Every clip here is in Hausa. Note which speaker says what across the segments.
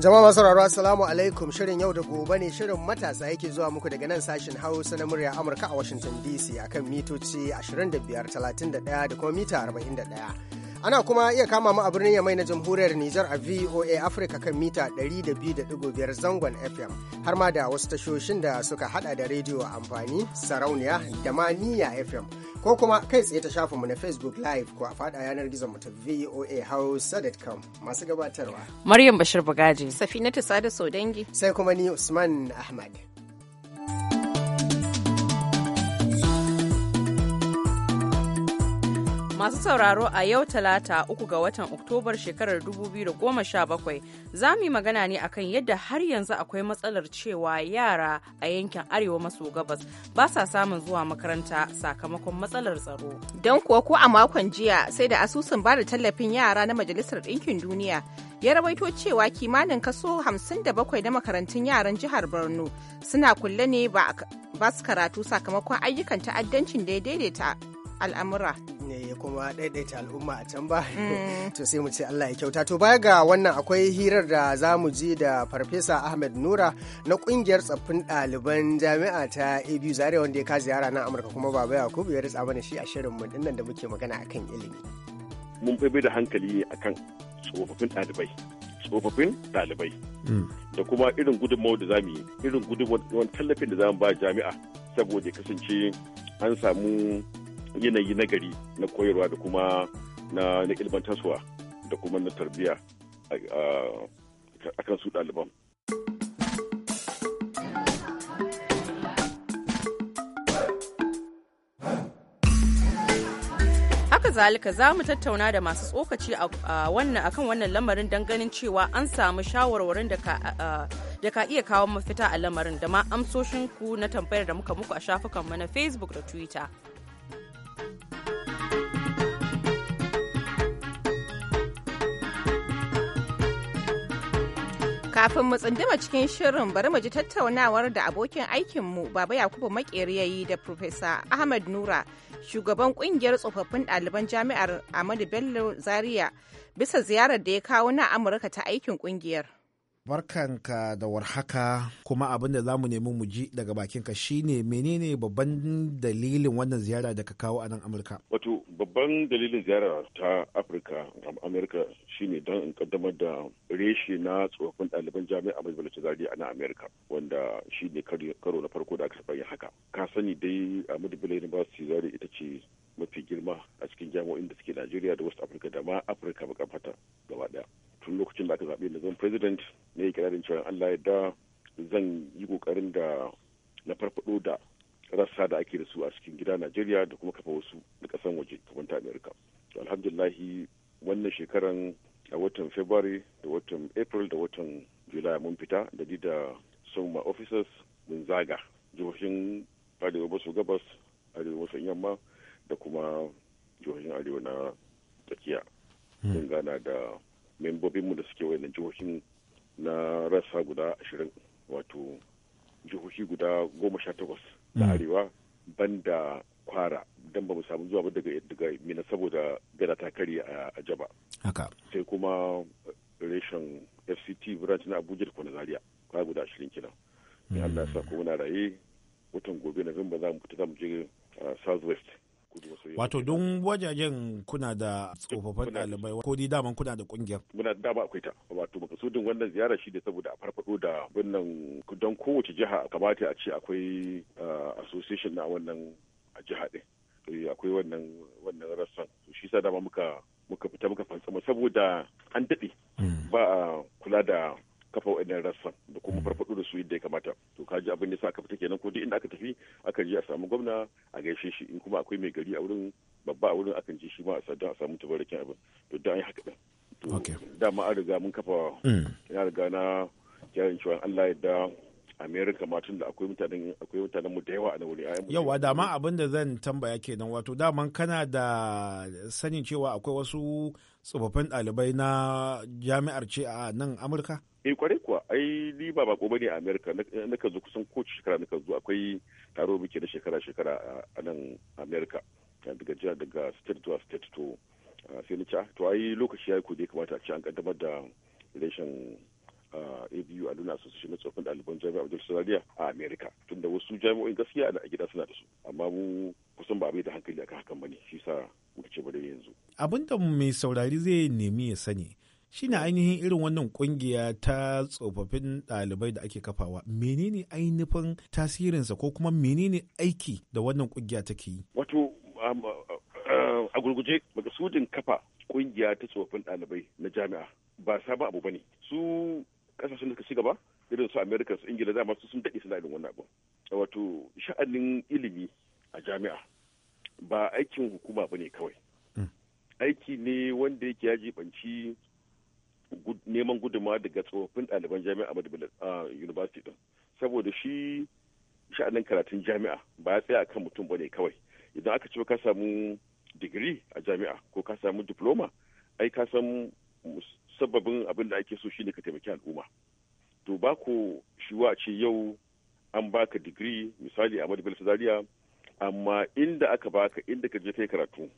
Speaker 1: Jama'a masu sauraro Assalamu alaikum shirin yau da gobe ne shirin matasa yake zuwa muku daga nan sashin Hausa na murya Amurka a Washington DC akan mitoci 25, 31 da kuma mita 41. ana kuma iya kama mu a birnin yamai na jamhuriyar Nijar a VOA Africa kan mita 200.5 zangon FM har ma da wasu tashoshin da suka hada da rediyo amfani sarauniya da maniya FM ko kuma kai tsaye ta shafinmu na facebook live ko a fada yanar gizon mu ta voa hausa.com masu gabatarwa
Speaker 2: maryam bashir bagaji
Speaker 1: safinatu sada dangi. sai kuma ni usman ahmad
Speaker 3: Masu sauraro a yau talata uku ga watan Oktobar shekarar 2017 za mu yi magana ne akan yadda har yanzu akwai matsalar cewa yara a yankin arewa maso gabas ba sa samun zuwa makaranta sakamakon matsalar tsaro.
Speaker 2: Don kuwa ko a makon jiya sai da asusun ba da tallafin yara na Majalisar Ɗinkin Duniya ya rawaito cewa kimanin kaso 57 na makarantun yaran jihar Borno suna kulle ne ba su karatu sakamakon ayyukan ta'addancin da ya daidaita al'amura
Speaker 1: ne kuma daidaita al'umma a can ba mm. to sai mu ce Allah ya kyauta to baya ga wannan akwai hirar da za mu ji da farfesa Ahmed Nura na ƙungiyar tsaffin ɗaliban jami'a ta ABU Zaria wanda ya ka ziyara na Amurka kuma Baba Yakubu ya ritsa mana shi a shirin mu dinnan da muke magana akan ilimi
Speaker 4: mun fi da hankali ne akan tsofaffin ɗalibai tsofaffin ɗalibai mm. da kuma irin gudunmawar da za mu yi irin gudunmawar tallafin da za mu ba jami'a saboda kasance an samu yanayi nagari na koyarwa da kuma na ilmantarsuwa da kuma na tarbiyya a kan su ɗaliban.
Speaker 3: haka zalika za mu tattauna da masu tsokaci a kan akan wannan lamarin don ganin cewa an samu shawarwarin da ka iya kawo mafita a lamarin da ma amsoshinku na tambayar da muka muku a shafukanmu na facebook da twitter
Speaker 2: Kafin mu tsunduma cikin shirin bari mu ji tattaunawar da abokin aikinmu Baba Yakubu Makeri ya da Profesa Ahmad Nura, shugaban kungiyar tsofaffin ɗaliban jami'ar Ahmadu Bello Zaria, bisa ziyarar da ya kawo na Amurka ta aikin kungiyar.
Speaker 5: Barkanka da warhaka kuma abin da za mu nemi mu ji daga bakinka shine menene babban dalilin wannan ziyara da ka kawo a nan Amurka?
Speaker 4: Wato babban dalilin ziyara ta Afirka Amurka shine don in kaddamar da reshe na tsofaffin ɗaliban jami'a mai Bello Zari a nan Amurka wanda shine karo na farko da aka saba yin haka. Ka sani dai Ahmadu Bello University Zari ita ce mafi girma a cikin jami'o'in da suke Najeriya da West Africa da ma Afirka baka fata gaba daya tun lokacin da aka zaɓe da zan president ne ya kirarin cewa Allah ya da zan yi kokarin da na farfado da rassa da ake da su a cikin gida Najeriya da kuma kafa wasu na kasan waje kamar ta Amerika to alhamdulillahi wannan shekaran a watan February da watan April da watan July mun fita da da some officers mun zaga jihohin Arewa Basu gabas arewa san yamma da kuma jihohin arewa na tsakiya hmm. mun gana da membobinmu da suke wayannan jihohin na rassa guda ashirin wato jihohi guda goma sha takwas na hmm. arewa banda kwara don ba mu samu zuwa ba daga daga mina saboda gada ta kari a jaba sai kuma eh, reshen fct branch na abuja da kwana zaria kwaya guda ashirin kina allah sa hmm. ko muna raye watan gobe na zan ba za mu fita za mu je southwest wato
Speaker 5: don wajajen kuna da tsofaffin ɗalibai ko dai daman kuna da ƙungiyar
Speaker 4: muna da dama akwai ta wato makasudin wannan ziyara shi ne saboda a farfado da wannan don kowace jiha kamata a ce akwai association na wannan a jiha ɗin eh, akwai wannan wannan rassan shi sa dama muka muka fita muka fantsama saboda an daɗe hmm. ba a kula da kafa waɗannan rassan da kuma mm. farfaɗo da su yadda ya kamata to ka ji abin da sa kafa fita kenan ko duk inda aka tafi aka je a samu gwamna a gaishe shi in kuma akwai mai gari a wurin babba a wurin akan ji shi ma a sadan a samu tabarakin abin to da an yi haka to dama an riga mun kafa ina mm. riga na jarin cewa Allah ya da america martin da akwai mutanen akwai mutanen mu da yawa a wuri yawa dama
Speaker 5: abin da zan tambaya kenan wato daman kana da sanin cewa akwai wasu tsofaffin ɗalibai na jami'ar ce a nan amurka
Speaker 4: eh kwarai kuwa ai ni ba bako bane a America naka zo kusan kowace shekara naka zo akwai taro muke na shekara shekara a nan America daga jiya daga state to state to sai ni ca to ai lokaci yayi ko dai kamata a ci an kaddamar da relation ABU a nuna association na tsofin ɗaliban jami'a Abdul Sadiya a America tunda wasu jami'o'in gaskiya a gida suna da su amma mu kusan ba mai da hankali akan hakan bane shi sa muka ce ba da yanzu
Speaker 5: abinda mai saurari zai nemi ya sani shine ainihin irin wannan kungiya ta tsofaffin ɗalibai da ake kafawa menene ainihin tasirinsa ko kuma menene aiki da wannan kungiya take yi
Speaker 4: wato um, uh, a gurguje makasudin kafa kungiya ta tsofaffin ɗalibai na jami'a ba sabon abu bane su kasashen da suka ci gaba irin su america su ingila dama su sun daɗe suna irin wannan abu wato sha'anin ilimi a jami'a ba aikin hukuma bane kawai hmm. aiki ne wanda yake yaji banci. neman gudunmawa daga tsofaffin ɗaliban jami'a a Bello University din saboda shi sha'anin karatun jami'a ba ya tsaya kan mutum bane kawai idan aka ce ka samu digiri a jami'a ko ka samu diploma ai ka san sababin abin da ake so shine ka taimaki al'umma to ba ko shiwa ce yau an baka digiri misali a madibel sadariya amma inda aka baka inda ka je kai karatu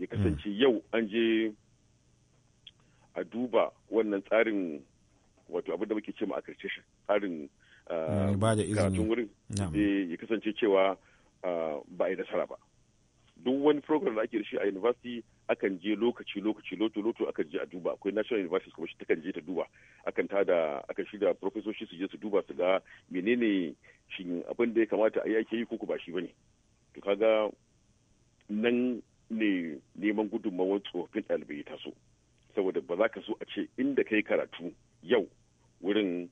Speaker 4: ya kasance hmm. yau an je a duba wannan tsarin wato abin da muke cewa ma accreditation tsarin ah, karatun wurin eh, ya kasance cewa ah, ba a yi nasara ba duk wani program da ake da shi a university akan je lokaci lokaci loto loto akan je a duba akwai national university kuma shi takan je ta duba akan ta da akan shi da shi su je su duba su ga menene shin abin da ya kamata a yi ake yi koko ba shi bane to kaga nan ne neman gudunmawar tsofaffin ɗalibai ta so. saboda ba za ka so a ce inda kai karatu yau wurin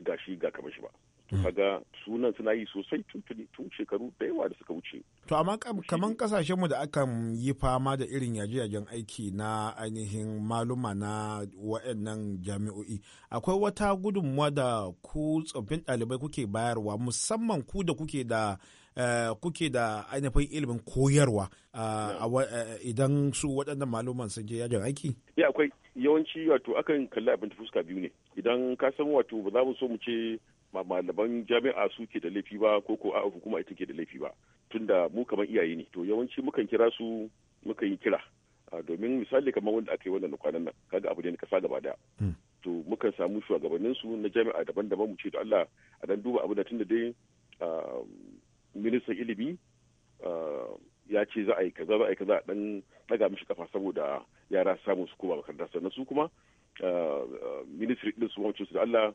Speaker 4: gashi ga kamar shi ba to mm. kaga sunan suna yi sosai tuntuni tun shekaru da yawa da suka wuce
Speaker 5: to amma kaman kasashen mu da aka yi fama da irin yaje-yajen aiki na ainihin maluma na wayannan jami'o'i akwai wata gudunmuwa da ku tsoffin ɗalibai kuke bayarwa musamman ku da kuke da Eh, kuke da ainihin ilimin koyarwa eh, eh, idan su waɗannan maluman sun je yajin aiki?
Speaker 4: Ya akwai yawanci wato akan kalli abin da fuska biyu ne. Idan ka san wato ba za mu so mu ce malaman jami'a su ke da laifi ba ko ko a'a hukuma ita ke da laifi ba. Tunda mu kamar iyaye ne to yawanci mukan kira su mukan yi kira. Ah, domin misali kamar wanda aka yi wannan kwanan nan kaga abu ne na kasa gaba daya hmm. to mukan samu shugabannin su na jami'a daban-daban mu ce da Allah a dan duba abu da tun da dai ah, ministan ilimi eh, ya ce za a yi kaza za a yi kaza dan daga mishi kafa saboda yara samun su koma makaranta sannan su kuma eh, eh, ministry din su wancin su da Allah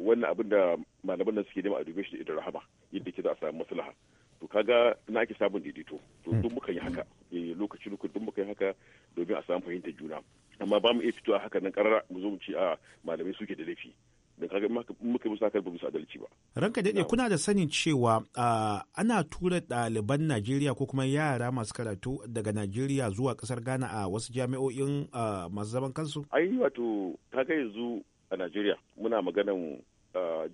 Speaker 4: wannan abin da malaman nan suke nema a dubi shi da rahama yadda ke za a samu maslaha to kaga na ake samun daidaito to hmm. duk muka yi haka lokaci lokaci duk muka yi haka domin a samu fahimtar juna amma ba mu iya fitowa haka nan karara mu zo mu ce a ah, malamai suke da laifi da kage muka musu ba musu adalci ba.
Speaker 5: Ranka daɗe kuna da sanin cewa ana tura ɗaliban Najeriya ko kuma yara masu karatu daga Najeriya zuwa ƙasar Ghana a wasu jami'o'in masu zaman
Speaker 4: kansu? Ai wato kaga yanzu a Najeriya muna maganan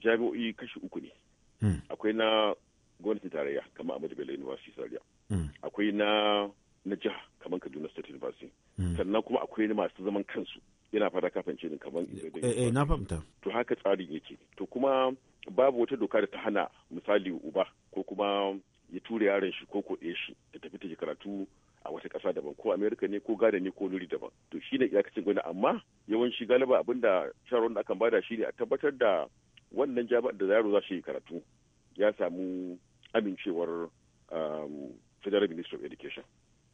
Speaker 4: jami'o'i kashi uku ne. Hmm. Akwai na gwamnatin tarayya kamar Ahmadu Bello University Zaria. Hmm. Akwai na na jiha kamar Kaduna State University. Hmm. Sannan kuma akwai na masu zaman kansu yana fada kafin cinin kamar eh, eh na fahimta to haka tsarin yake to kuma babu wata doka da ta hana misali uba ko kuma ya tura yaron shi ko ko shi ta tafi ta karatu a wata ƙasa daban ko amerika ne ko gada ne ko nuri daban to shi ne iyakacin gwani amma yawanci galiba abin da sharon da akan bada shi ne a tabbatar da wannan jami'ar da yaro za shi yi karatu ya samu amincewar um, federal ministry of education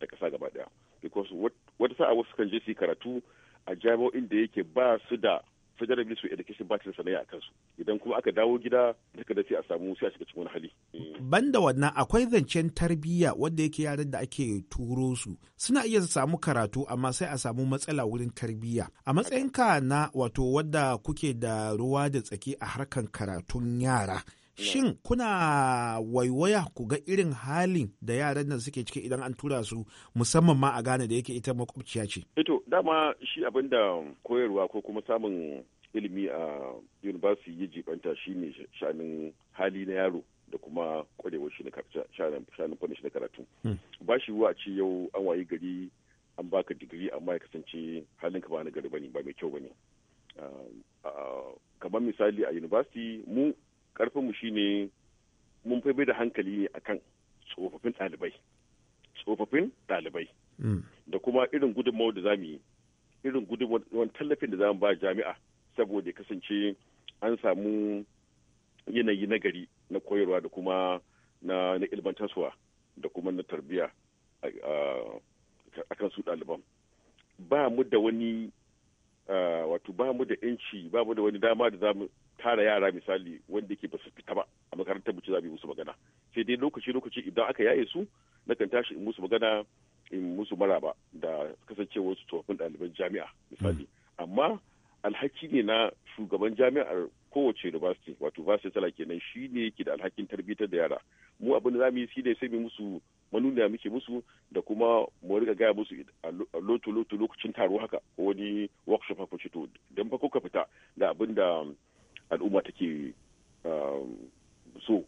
Speaker 4: da ƙasa gaba daya because wata sa'a wasu kan je su yi karatu a jami'o'in da yake ba su da federal ministry of education ba ta sanaya a kansu idan kuma aka dawo gida duka da sai a samu sai a shiga cikin wani hali. Mm.
Speaker 5: banda wannan akwai zancen tarbiyya wanda yake yaran da ake turo su suna iya su samu karatu amma sai a samu matsala wurin tarbiyya a matsayinka na wato wadda kuke da ruwa da tsaki a harkan karatun yara Shin kuna waiwaya ku ga irin halin da yaran nan suke ciki idan an tura su musamman ma a Ghana da yake ita makwabciya ce?
Speaker 4: Ito eh dama shi abin da koyarwa ko kuma samun ilimi a university ya jibanta shi ne shanin hali na yaro da kuma kwarewar shi na shanin fannin shi na karatu. Hmm. Ba shi ruwa ce yau an wayi gari an baka digiri amma ya kasance halin ka ba na gari bane ba mai kyau ba ne ah, ah, kamar misali a university mu karfinmu shine mun fai da hankali ne akan tsofaffin ɗalibai tsofaffin ɗalibai mm. da kuma irin gudunmawar da mu yi irin gudunmawar tallafin da za mu ba jami'a saboda ya kasance an samu yanayi nagari na koyarwa da kuma na ilmantarsuwa da kuma na tarbiyya a kan su ɗaliban ba mu da wani Eh, wato ba mu da yanci ba mu da wani dama da za mu tara yara misali wanda ke basu fita ba a makarantar mu ce za mu yi musu magana sai dai lokaci lokaci idan aka yaye su na kan tashi in musu magana in musu maraba da kasancewar su tsofaffin ɗaliban jami'a misali hmm. amma alhaki ne na shugaban jami'ar kowace university wato vice chancellor kenan shi ne ke da alhakin tarbiyyar da yara mu abin da za mu yi shi ne sai mu musu manuniya muke musu da kuma mu riga gaya musu a loto loto lokacin taro haka ko wani workshop haka ce to dan fa ka fita da abin da al'umma take um, so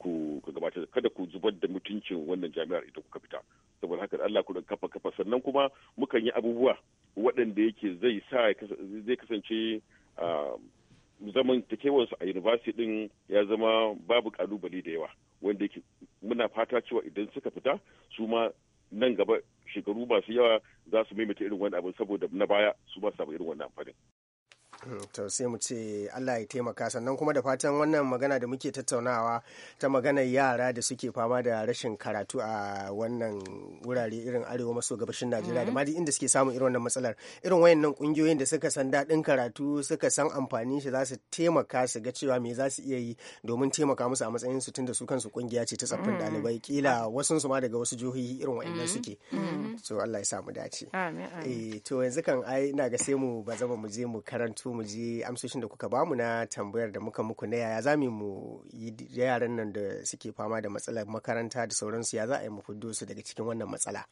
Speaker 4: ku gabatar kada ku zubar da mutuncin wannan jami'ar idan kuka fita saboda haka Allah ku kafa kafa sannan kuma mukan yi abubuwa waɗanda yake zai sa zai kasance um, zaman takewarsu a university din ya zama babu kalubale da yawa wanda yake muna fata cewa idan suka fita su ma nan gaba shekaru masu yawa za su maimaita irin wani abin saboda na baya su ba su samu irin wannan amfanin.
Speaker 1: to sai mu ce Allah ya taimaka sannan kuma da fatan wannan magana da muke tattaunawa ta magana yara da suke fama da rashin karatu a wannan wurare irin arewa maso gabashin Najeriya da madi inda suke samun irin wannan matsalar irin wayannan kungiyoyin da suka san daɗin karatu suka san amfani shi za su taimaka su ga cewa me za su iya yi domin taimaka musu a matsayin su tunda su kansu kungiya ce ta tsaffin mm. ɗalibai kila wasu su ma daga wasu jihohi irin wayannan mm. suke mm. so Allah ya samu dace eh to yanzu kan ai ina ga sai mu ba zama mu je mu karanto so mu ji amsoshin da kuka bamu na tambayar da muka muku na yaya za mu yi yaran nan da suke fama da matsalar makaranta da sauransu ya za a yi mu fiddo su daga cikin wannan matsala.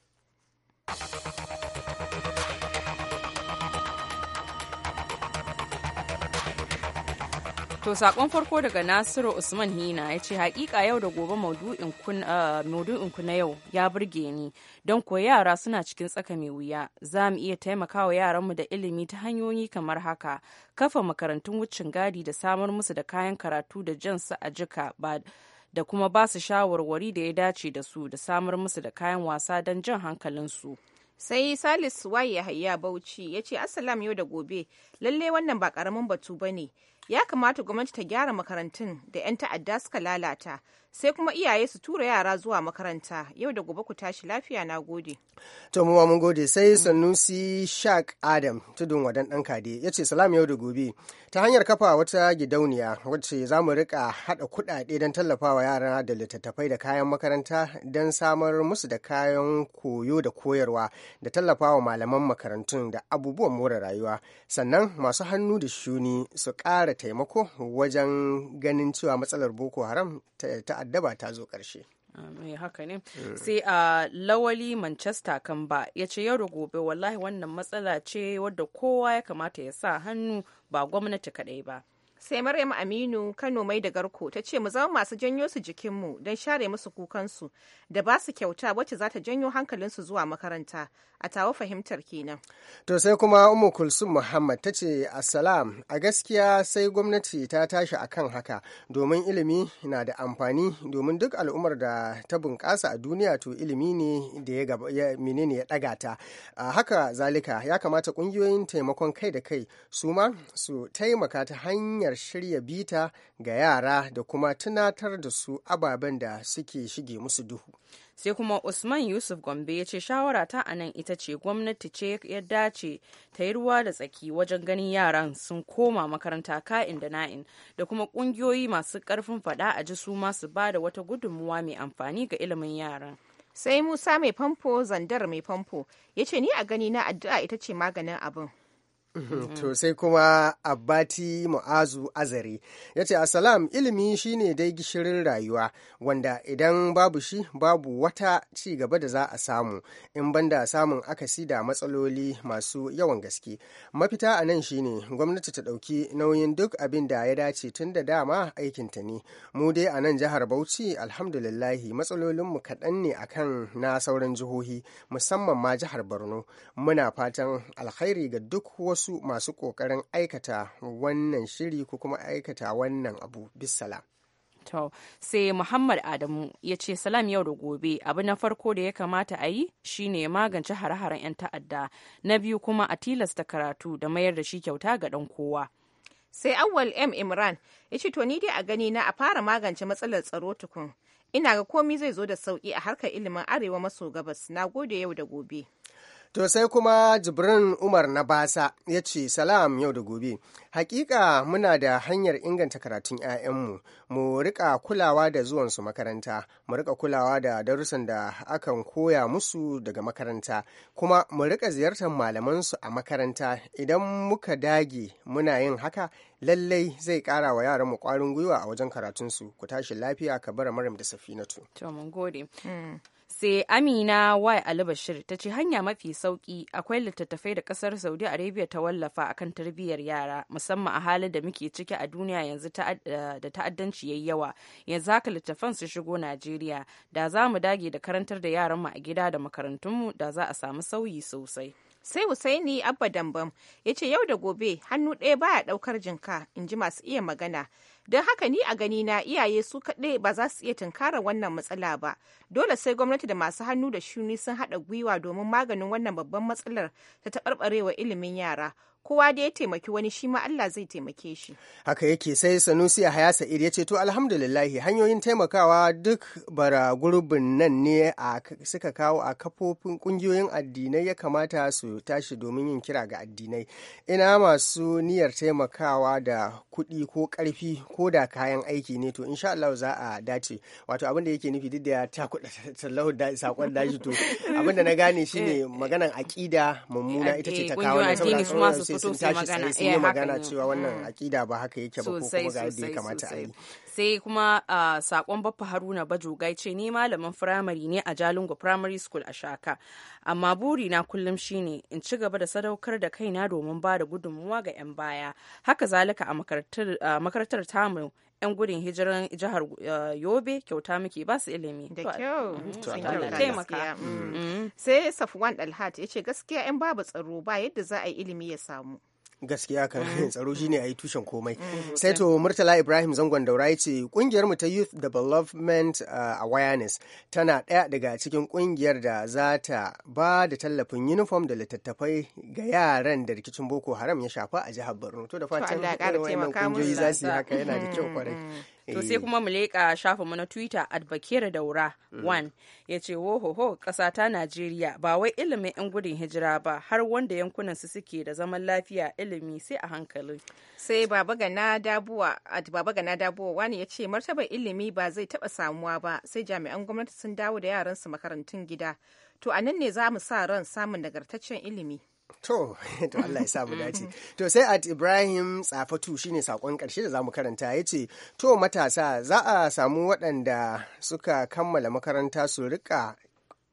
Speaker 3: To saƙon farko daga Nasiru Usman Hina ya ce hakika yau da gobe maudu'in ku na eh, yau ya burge ni don ko yara suna cikin tsaka mai wuya za mu iya taimakawa yaranmu da ilimi ta hanyoyi kamar haka kafa makarantun wucin gadi da samar musu da kayan karatu da jan su a jika ba da kuma ba su shawarwari da ya dace da su da samar musu da
Speaker 2: kayan wasa don jan hankalin su. sai salisu waye yahaya bauchi ya ce assalam yau da gobe lalle wannan ba karamin batu ba ne ya kamata gwamnati ta gyara makarantun da 'yan ta'adda suka lalata sai kuma iyaye su tura yara zuwa makaranta yau da gobe ku tashi lafiya na gode
Speaker 1: to mun gode sai sanusi shak adam tudun wadan dan kade ya ce salam yau da gobe ta hanyar kafa wata gidauniya wacce za mu rika haɗa kuɗaɗe don tallafawa yara da littattafai da kayan makaranta don samar musu da kayan koyo da koyarwa da tallafawa malaman makarantun da abubuwan more rayuwa sannan masu hannu da shuni su ƙara taimako wajen ganin cewa matsalar boko haram ta addaba ta zo karshe.
Speaker 3: mai eh, haka ne eh. sai a ah, lawali manchester kan ba ya ce da gobe wallahi wannan matsala ce wadda kowa
Speaker 2: ya kamata ya sa hannu ba gwamnati kaɗai ba sai maryam aminu kano mai da garko ta ce mu zama masu janyo su jikinmu don share musu kukansu da ba su kyauta wacce za ta janyo hankalinsu zuwa makaranta a tawo fahimtar kenan
Speaker 1: to sai kuma umu kulsum muhammad ta ce assalam a gaskiya sai gwamnati ta tashi a kan haka domin ilimi na da amfani domin duk al'ummar da ta bunƙasa a duniya to ilimi ne da ya menene ya ɗaga ta haka zalika ya kamata ƙungiyoyin taimakon kai da kai su ma su taimaka ta hanyar shirya bita ga yara da kuma tunatar da su ababen da suke shige musu duhu.
Speaker 3: sai kuma usman yusuf gombe ya ce shawara ta a nan ita ce gwamnati ce ya dace ta yi ruwa da tsaki wajen ganin yaran sun koma makaranta ka'in da na'in da kuma kungiyoyi masu karfin fada a ji su masu ba da wata gudunmuwa mai amfani ga ilimin yaran
Speaker 2: sai musa mai famfo zandar mai famfo ya ce ni a gani na addu'a ita ce maganin abin
Speaker 1: Mm-hmm. To sai kuma Abbati Mu'azu azari ya ce, Asalam ilimi shi ne dai gishirin rayuwa wanda idan babu shi babu wata ci gaba da za a samu in banda samun akasi da matsaloli masu yawan gaske. Mafita a nan shi ne gwamnati ta ɗauki nauyin duk abin da ya dace tun da dama aikinta ne. Mu dai a nan jihar Bauchi alhamdulillahi matsalolinmu kaɗan ne akan na sauran jihohi musamman ma jihar Borno. Muna fatan alkhairi ga duk wasu wasu masu ƙoƙarin aikata wannan shiri ko kuma aikata wannan abu bisala.
Speaker 3: To, sai Muhammad Adamu ya ce salam yau da gobe abu na farko da ya kamata a yi shi ne magance hare-haren 'yan ta'adda, na biyu kuma a tilasta karatu
Speaker 2: da mayar da shi kyauta ga ɗan kowa. Sai awwal M Imran ya ce to ni dai a gani na a fara magance matsalar tsaro tukun. Ina ga komi zai zo da sauki a harkar ilimin arewa maso gabas. Na gode yau da gobe.
Speaker 1: To sai kuma Jibrin Umar na Basa ya ce salam yau da gobe. Hakika muna da hanyar inganta karatun 'ya'yanmu, mu rika kulawa da zuwansu makaranta, mu rika kulawa da darussan da akan koya musu daga makaranta, kuma mu rika ziyartar malamansu a makaranta idan muka dage muna yin haka lallai zai kara wa yaran mu kwarin gwiwa a wajen karatunsu ku tashi lafiya ka bara maram da safinatu. To mun
Speaker 3: gode. Mm. sai amina y alibashir ta ce hanya mafi sauki akwai littattafai da kasar saudi arabia ta wallafa akan tarbiyyar yara musamman a halin da muke ciki a duniya yanzu eh, da ta'addanci yayi yawa yanzu haka littattafan su shigo najeriya da za mu dage da karantar da yaranmu
Speaker 2: a gida da makarantunmu da za a samu sauyi sosai sai Husaini Abba Dambam ya ce yau da gobe hannu ɗaya baya ɗaukar jinka in ji masu iya magana. Don haka ni a gani na iyaye su kaɗai ba za su iya tunkara wannan matsala ba. Dole sai gwamnati da masu hannu da shuni sun haɗa gwiwa domin maganin wannan babban matsalar ta taɓarɓarewa ilimin yara. kowa da ya taimaki wani shi ma Allah zai taimake shi.
Speaker 1: Haka yake sai Sanusi a Haya Sa'id ya ce to alhamdulillahi hanyoyin taimakawa duk bara gurbin nan ne a suka kawo a kafofin kungiyoyin addinai ya kamata su tashi domin yin kira ga addinai. Ina masu niyyar taimakawa da kuɗi ko ƙarfi ko da kayan aiki ne to insha Allah za a dace wato abin da yake nufi duk da ta kuɗa sakon daji to abin da na gane shine eh. maganan aƙida mummuna ita ce ta eh, kawo ne saboda sun tashi sun yi eh, magana cewa wannan mm. aƙida ba haka yake ba ko kuma ga yadda ya kamata a yi
Speaker 3: sai kuma a sakon baffa haruna bajogai ce ni malamin firamare ne a jalingo primary school a shaka amma buri na kullum shine in ci gaba da sadaukar da kaina domin ba da gudunmuwa ga 'yan baya haka zalika a makarantar tamu 'yan gudun hijiran jihar yobe kyauta muke ba su ilimi da kyau mm-hmm.
Speaker 2: mm. Mm. sai safwan dalhat ya ce gaskiya 'yan babu tsaro ba yadda za a yi ilimi ya samu
Speaker 1: gaskiya kan mm-hmm. tsaro ne a yi tushen komai mm-hmm. sai to murtala ibrahim zangon daura ya ce kungiyar mu ta youth development uh, awareness tana ɗaya daga cikin kungiyar da za ta ba da tallafin uniform da littattafai ga yaran da rikicin boko haram ya shafa a jihar borno to da fatan kungiyoyi za su yi haka yana da kyau mm-hmm. kwarai to eh. sai
Speaker 3: kuma mu leƙa shafinmu na twitter at bakera daura mm. one ya ce wohoho ƙasa ta najeriya ba wai ilimin 'yan gudun hijira ba har wanda yankunan su suke da zaman
Speaker 2: lafiya ilimi sai a hankali sai baba gana dabuwa baba gana dabuwa wani ya ce martabar ilimi ba zai taɓa samuwa ba sai jami'an gwamnati sun dawo da yaransu makarantun gida to a nan ne za mu sa ran samun nagartaccen ilimi
Speaker 1: To, to Allah ya samu mm-hmm. dace. To sai at Ibrahim Tsafatu shine sakon karshe da zamu karanta ya ce, To matasa za a samu waɗanda suka kammala makaranta su riƙa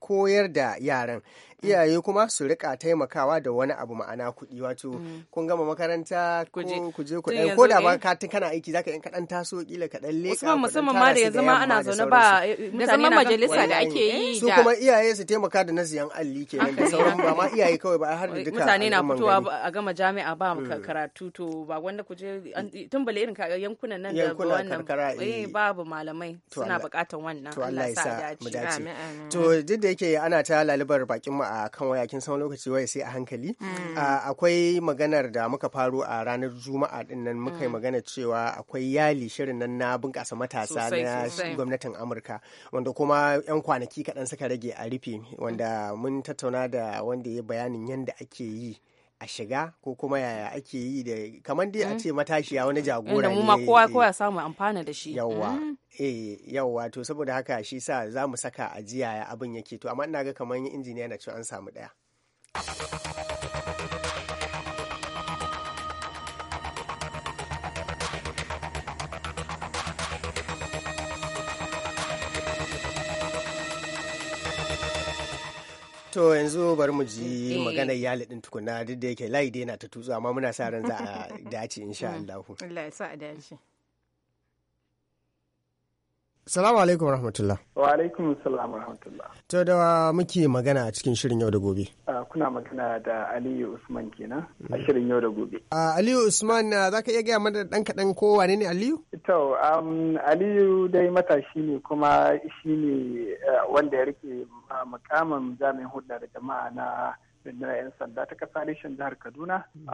Speaker 1: koyar da yaran iyaye kuma su rika taimakawa da wani abu ma'ana kuɗi wato mm. kun gama makaranta ku je ku ko da ba ka kana aiki zaka in kaɗan taso kila ka ɗan leƙa musamman musamman ma da ya zama ana zaune ba eh, da zama majalisa da ake yi su kuma iyaye su taimaka da na ziyan alli kenan da sauran ba ma iyaye kawai ba har da duka mutane na fitowa
Speaker 3: a gama jami'a ba mm. karatu to ba wanda ku je mm. tumbale irin yankunan nan da wannan eh, eh babu malamai suna buƙatar wannan Allah ya sa mu dace
Speaker 1: to duk da yake ana ta lalibar bakin mu a kan waya kin san lokaci waya sai a hankali mm. akwai maganar da muka faru a ranar juma'a din nan muka yi mm. magana cewa akwai yali shirin nan na bunƙasa matasa na gwamnatin amurka wanda kuma yan kwanaki kaɗan suka rage a rufe wanda mun tattauna da wanda ya bayanin yadda ake yi a shiga ko kuma yaya ake yi da kamar dai a mm. ce matashiya wani jagora ne. Mu kowa kowa samu amfana da shi. Yawwa. Mm. eh yawwa to saboda haka shi sa za mu saka ajiya abin yake to amma ina ga kamar injiniya na ci an samu daya. To yanzu bari mu ji eh. maganar yali din tukuna duk da yake layi dai na ta tutsu amma muna sa ran za a dace insha mm. Allah.
Speaker 2: Allah ya sa a dace.
Speaker 1: Salamu alaikum rahmatullah.
Speaker 6: Wa alaikum salam rahmatullah.
Speaker 1: To da muke magana a cikin shirin yau da gobe.
Speaker 6: Ah, kuna magana da Aliyu Usman kenan a shirin yau da gobe.
Speaker 1: Ah, Aliyu Usman ah, za ka iya gaya mana ɗan kaɗan ko wane ne Aliyu? To um, Aliyu dai matashi ne kuma shi ne eh, wanda ya rike
Speaker 6: mukamin jami'in hulɗa da jama'a na rundunar 'yan sanda ta kasa jihar Kaduna mm.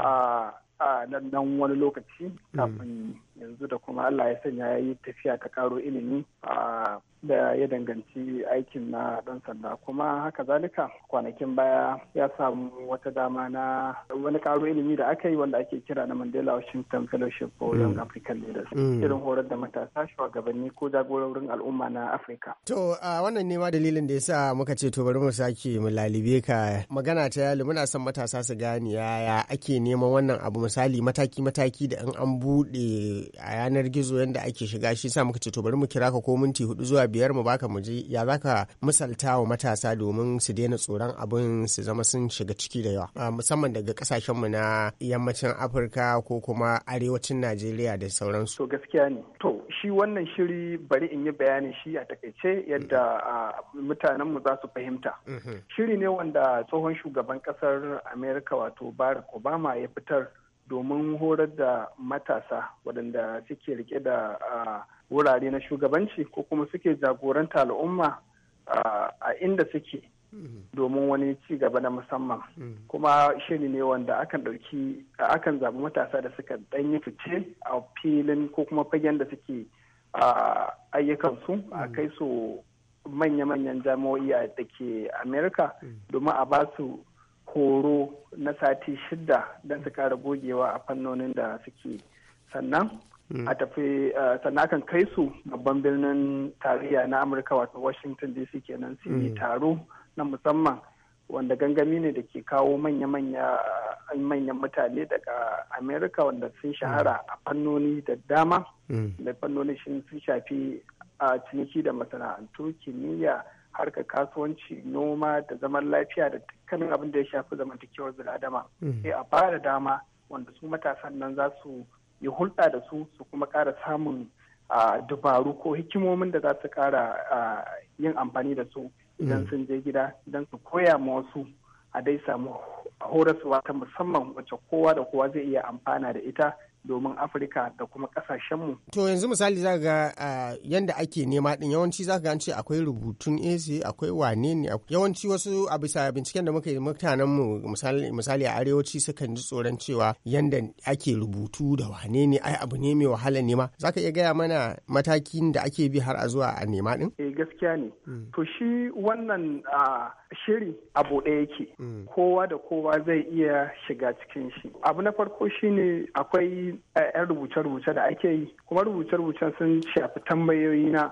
Speaker 6: a nan wani lokaci mm. kafin yanzu da kuma Allah ya sanya ya yi tafiya ta karo ilimi a da ya danganci aikin na ɗan sanda kuma haka zalika kwanakin baya ya samu wata dama na wani karo ilimi da aka yi wanda ake kira na Mandela Washington Fellowship for Young mm. African Leaders mm. irin horar da matasa shugabanni ko jagororin al'umma na Afirka.
Speaker 1: To wannan ne ma dalilin da yasa muka ce to bari mu sake mu lalibe ka magana ta yali muna son matasa su gane yaya ake neman wannan abu misali mataki mataki da in an buɗe a yanar gizo yadda ake shiga shi sa muka ce to bari mu kira ka ko minti hudu zuwa biyar mu baka mu ji ya zaka misalta wa matasa domin su daina tsoron abin su zama sun shiga ciki da yawa musamman daga kasashen mu na yammacin Afirka ko kuma arewacin Najeriya da sauransu. To
Speaker 6: gaskiya ne. To shi wannan shiri bari in yi bayanin shi a takaice yadda mutanen mu za su fahimta. Mm-hmm. Shiri ne wanda tsohon shugaban kasar Amerika wato Barack Obama ya fitar domin horar da matasa waɗanda suke rike da wurare na shugabanci ko kuma suke jagoranta al'umma a inda suke domin wani ci gaba na musamman kuma shiri ne wanda akan ɗauki akan zaɓi matasa da suka ɗanyi fice a filin ko kuma fagen da suke ayyukansu a kai su manya-manyan jami'o'i da ke amerika domin a ba su horo na sati shida don su kara gogewa a fannonin da suke sannan hmm. a tafi sannan kan kai su babban birnin tarayya na amurka wato washington dc kenan su yi hmm. taro na musamman wanda gangami ne da ke kawo manya manyan mutane daga amerika wanda sun shahara hmm. a fannoni da dama da fannoni sun shafi a ciniki da masana'antu kimiyya harkar kasuwanci noma da zaman lafiya da dukkanin abin da ya shafi zamantakewar bil'adama mm. sai a ba dama wanda su matasan nan za su yi hulɗa da su su kuma ƙara samun dubaru ko hikimomin da za su ƙara yin amfani da su idan mm. sun je gida idan su koya ma wasu a dai samu horaswa ta musamman wacce kowa da kowa zai iya amfana da ita domin afirka da kuma kasashenmu.
Speaker 1: to yanzu misali za ga ah, yadda ake nema din yawanci za ga an ce akwai rubutun ac akwai wane ne yawanci wasu a bisa binciken da muka yi mutanen mu misali a arewaci sukan ji tsoron cewa yadda ake rubutu da wane ne ai abu ne mai wahala nema za ka iya gaya mana matakin da ake bi har a zuwa a nema din.
Speaker 6: eh gaskiya ne hmm. to shi wannan ah, shiri abu ɗaya yake hmm. kowa da kowa zai iya shiga cikin shi abu na farko shine akwai akwai 'yan rubuce-rubuce da ake yi kuma rubuce-rubucen sun shafi tambayoyi na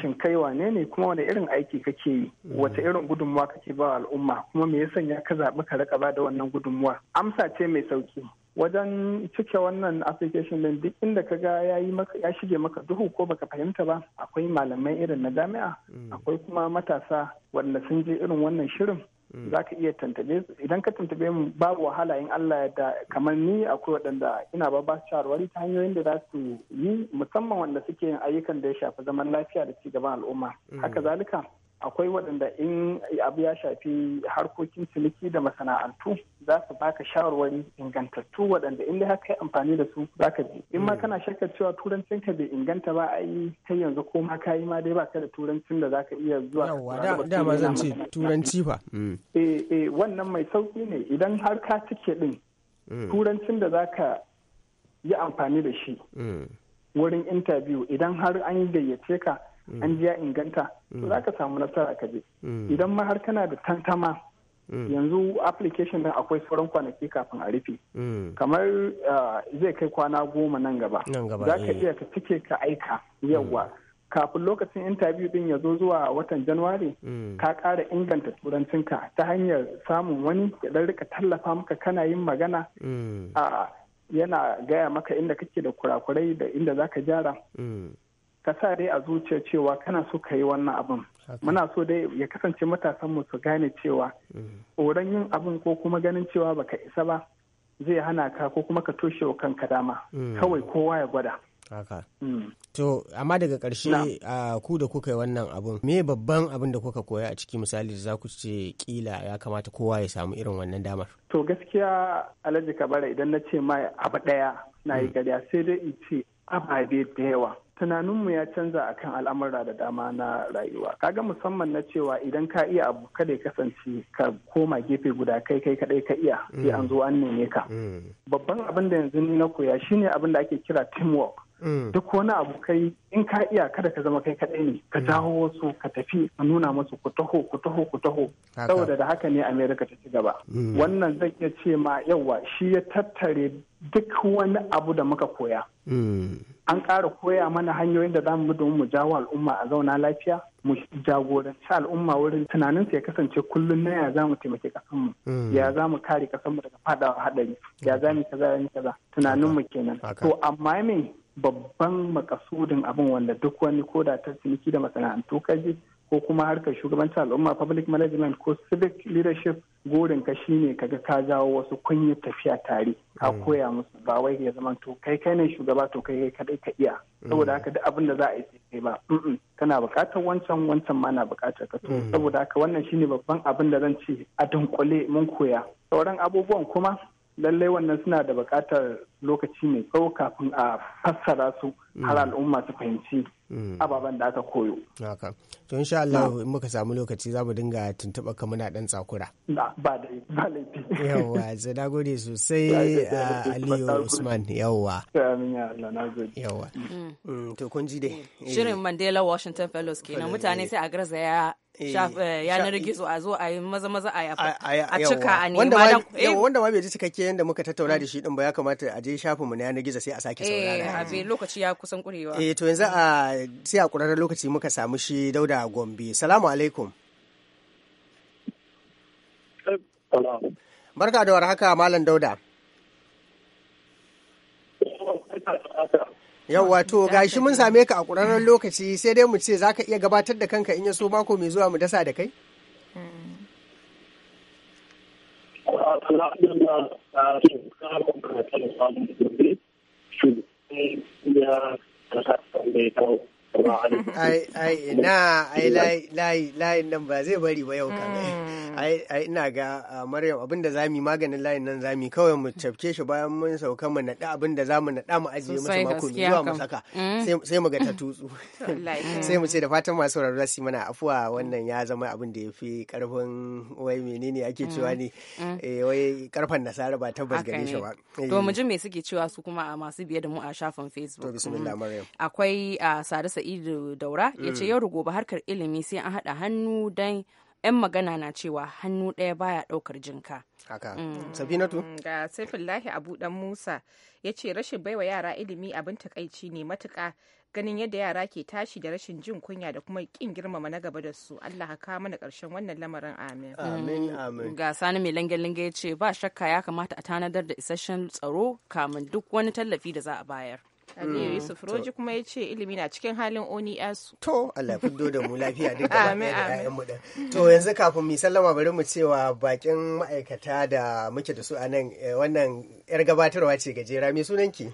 Speaker 6: shin kai wane ne kuma wani irin aiki kake yi wace irin gudunmuwa kake ba al'umma kuma me ya ka zaɓi ka raka ba da wannan gudunmuwa amsa ce mai sauki wajen cike wannan application din duk inda ka ga ya yi maka ya shige maka duhu ko baka fahimta ba akwai malamai irin na jami'a mm. akwai kuma matasa wanda sun je irin wannan shirin Mm. za ka iya tantabe idan ka tantabe mu babu wahala in Allah ya da kamar ni akwai waɗanda ina ba ba shawarwari ta hanyoyin da za su yi musamman wanda suke yin ayyukan da ya shafi zaman lafiya da ci gaban al'umma mm. haka zalika akwai waɗanda in abu ya shafi harkokin ciniki da masana'antu za su baka shawarwari ingantattu waɗanda in dai haka yi amfani da
Speaker 1: su za ka ji
Speaker 6: in ma mm. kana shakkar cewa turancin ka bai inganta ba a yi kai yanzu ko ma ka yi ma dai baka da turancin da za ka iya zuwa da zan ce turanci ba. Mm. eh eh wannan mai sauki ne idan har ka cike din
Speaker 1: mm. turancin
Speaker 6: da za ka yi amfani da shi wurin interview idan har an gayyace ka an ji ya mm. inganta to mm. za ka samu nasara ka je mm. idan ma har kana da tantama yanzu application din akwai sauran kwanaki kafin a rufe kamar ah, zai kai kwana goma nan gaba za ka eh. iya ka cike ka aika yawwa kafin lokacin interview din ya zo zuwa watan januwari ka kara inganta turancinka ta hanyar samun wani ya dan rika tallafa maka kana yin magana
Speaker 4: a'a
Speaker 6: ah, yana gaya maka inda kake da kurakurai da inda za ka gyara ka sa dai a zuciya cewa kana so ka yi wannan abin muna so dai ya kasance matasan mu su gane cewa mm. tsoron yin abin ko kuma ganin cewa baka isa ba zai hana ka ko kuma ka toshe wa kanka dama mm. kawai kowa ya gwada
Speaker 1: haka mm. to amma daga karshe a ku da kuka yi wannan abin me babban abin da kuka koya a ciki misali da za ku ce kila ya kamata kowa ya samu irin wannan damar
Speaker 6: to gaskiya alhaji kabara idan na ce mai abu ɗaya na yi gariya sai dai in ce ababe da yawa tunaninmu ya canza akan al'amura da dama na rayuwa kaga musamman na cewa idan ka iya abu kada ya kasance ka koma gefe guda kai kai kadai ka iya sai an zo an neme ka mm. Mm. babban abin da yanzu ni na koya shine abin da ake kira teamwork mm. duk wani abu kai in ka iya kada ka zama kai kadai ne ka jawo wasu ka tafi ka nuna musu ku taho ku taho ku taho saboda da haka ne america ta ci gaba wannan zan iya ce ma yauwa shi ya tattare duk wani abu da muka koya. Mm. An ƙara koya mana hanyoyin da za mu domin mu jawo al'umma a zauna lafiya, mu jagoranci al'umma wurin tunanin ya kasance kullum na ya za mu taimake kasanmu, mm. ya za mu kare kasanmu daga fadawa haɗari, ya za mu kaza ya kaza tunanin mu kenan. To amma me babban makasudin abin wanda duk wani ko da ta ciniki da masana'antu kaje ko kuma harkar shugabancin al'umma public management ko civic leadership gurin ka shine kaga ka jawo wasu kunya tafiya tare ka mm. koya musu ba wai ya zama to kai kai ne shugaba to kai kai kadai ka iya mm. saboda haka duk abin da za a yi sai ba kana bukatar wancan wancan ma na bukatar ka to mm. saboda haka wannan shine babban abin da zan ci a dunkule mun koya sauran abubuwan kuma lallai wannan suna da bukatar lokaci mai tsawo kafin a fassara su har mm. al'umma su fahimci mm. ababen da aka koyo.
Speaker 1: Haka. To insha Allah in muka samu lokaci za mu dinga tuntuɓa ka muna ɗan tsakura. Ba da ba laifi. Yawwa, sai na gode sosai uh, Aliyu Usman. Yawwa. Yawwa. Mm. To kun ji dai. Shirin
Speaker 3: Mandela Washington Fellows kenan mutane eh. sai a garzaya Eh, eh, yanar gizo a zo a yi maza maza a cika a nema eh. wanda
Speaker 1: ma bai ji cikakke yadda muka tattauna da mm. shi din ba ya kamata a je shafin mu na yanar gizo sai a sake saurara eh
Speaker 3: lokaci ya kusan kurewa eh
Speaker 1: to yanzu a sai a kurarren lokaci muka samu shi Dauda Gombe salamu alaikum barka da warhaka malam Dauda Yawwa to gashi mun same ka a ƙurarren lokaci sai dai mu ce zaka iya gabatar da kanka in ya so mako mai zuwa mu dasa da kai?
Speaker 6: Alhamdulillah,
Speaker 1: ai ai ina ai layi layin nan ba zai bari ba yau ka. Mm. ai ina ga ah, Maryam abin abinda zamu maganin layin nan zamu kawai mu cafke shi bayan mun sauka mu naɗa abinda zamu naɗa mu ajiye masa mako mai zuwa mu saka mm. sai mu ga ta tutsu sai mu ce da fatan masu sauraro su mana afuwa wannan ya zama abin da yafi karfin wai menene ake cewa mm. ne eh, wai karfan nasara ba tabbas gare shi ba to mu eh.
Speaker 3: ji me suke cewa su kuma a ah, masu biye da mu a shafin Facebook to bismillah Maryam akwai ah, Sadisa sa'idu daura ya ce mm. yau gobe harkar ilimi sai an haɗa hannu dan 'yan magana na cewa
Speaker 2: hannu ɗaya baya ɗaukar jinka. Haka, mm. Safinatu? Mm, ga lahi Abu Dan Musa ya ce rashin baiwa yara ilimi abin takaici ne matuka ganin yadda yara ke tashi da rashin jin kunya da kuma kin girmama na gaba da su Allah ka kawo mana karshen wannan lamarin amin
Speaker 3: amin amin ga sani mai lange lange ya ce ba shakka ya kamata a tanadar da isasshen tsaro kamun duk wani tallafi da za a bayar Aliyu mm. Yusuf Roji
Speaker 2: kuma ya ce ilimi na cikin halin oni yasu. To
Speaker 3: Allah
Speaker 1: fiddo da mu lafiya duk da bayan da. To yanzu kafin mu sallama bari mu cewa bakin ma'aikata da muke da su a nan eh, wannan yar gabatarwa ce gajera me sunanki?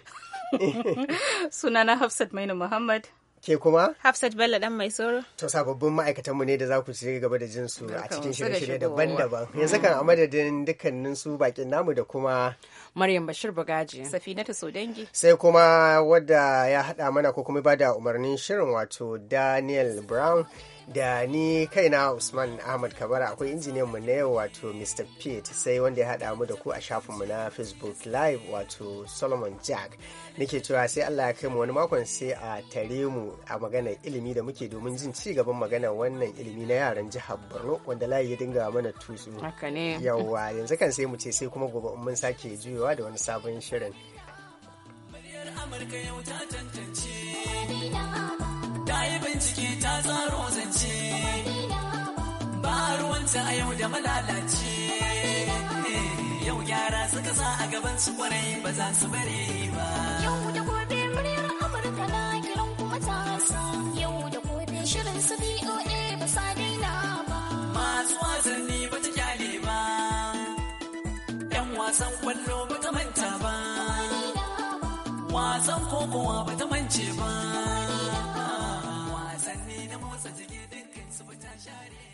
Speaker 3: Sunana Hafsat Maina Muhammad. ke kuma hafsat bello dan mai soro
Speaker 1: to sababbin ma'aikatan mu ne da za ku ci gaba da jin su a cikin shirye-shirye daban-daban yanzu kan a madadin dukkanin su bakin namu da kuma maryam bashir bagaji
Speaker 2: safinatu sodangi
Speaker 1: sai kuma wadda ya haɗa mana ko kuma ba da umarnin shirin wato daniel brown da ni kaina usman ahmad kabara akwai injiniyan mu na yau wato mr pete sai wanda ya haɗa mu da ku a shafin mu na facebook live wato solomon jack nake cewa sai allah ya kai mu wani makon sai a tare mu a maganar ilimi da muke domin jin ci gaban magana wannan ilimi na yaran jihar borno wanda layi ya dinga mana tutsu yawa yanzu kan sai mu ce sai kuma gobe mun sake juyowa da wani sabon shirin
Speaker 5: Amurka ta yi bincike ta tsaro zai ba ruwanta a yau
Speaker 3: da malalace eh, yau gyara suka sa a gaban su kwarai ba
Speaker 6: za su bare ba yau da gobe muryar amurka na kiran kuma matasa
Speaker 5: yau da gobe shirin su boa ba sa daina ba masu wasanni
Speaker 3: ba ta kyale ba yan wasan kwallo ba ta manta ba
Speaker 6: wasan kokowa ba ta mance ba wasanni na motsa jiki dinkin su ba ta share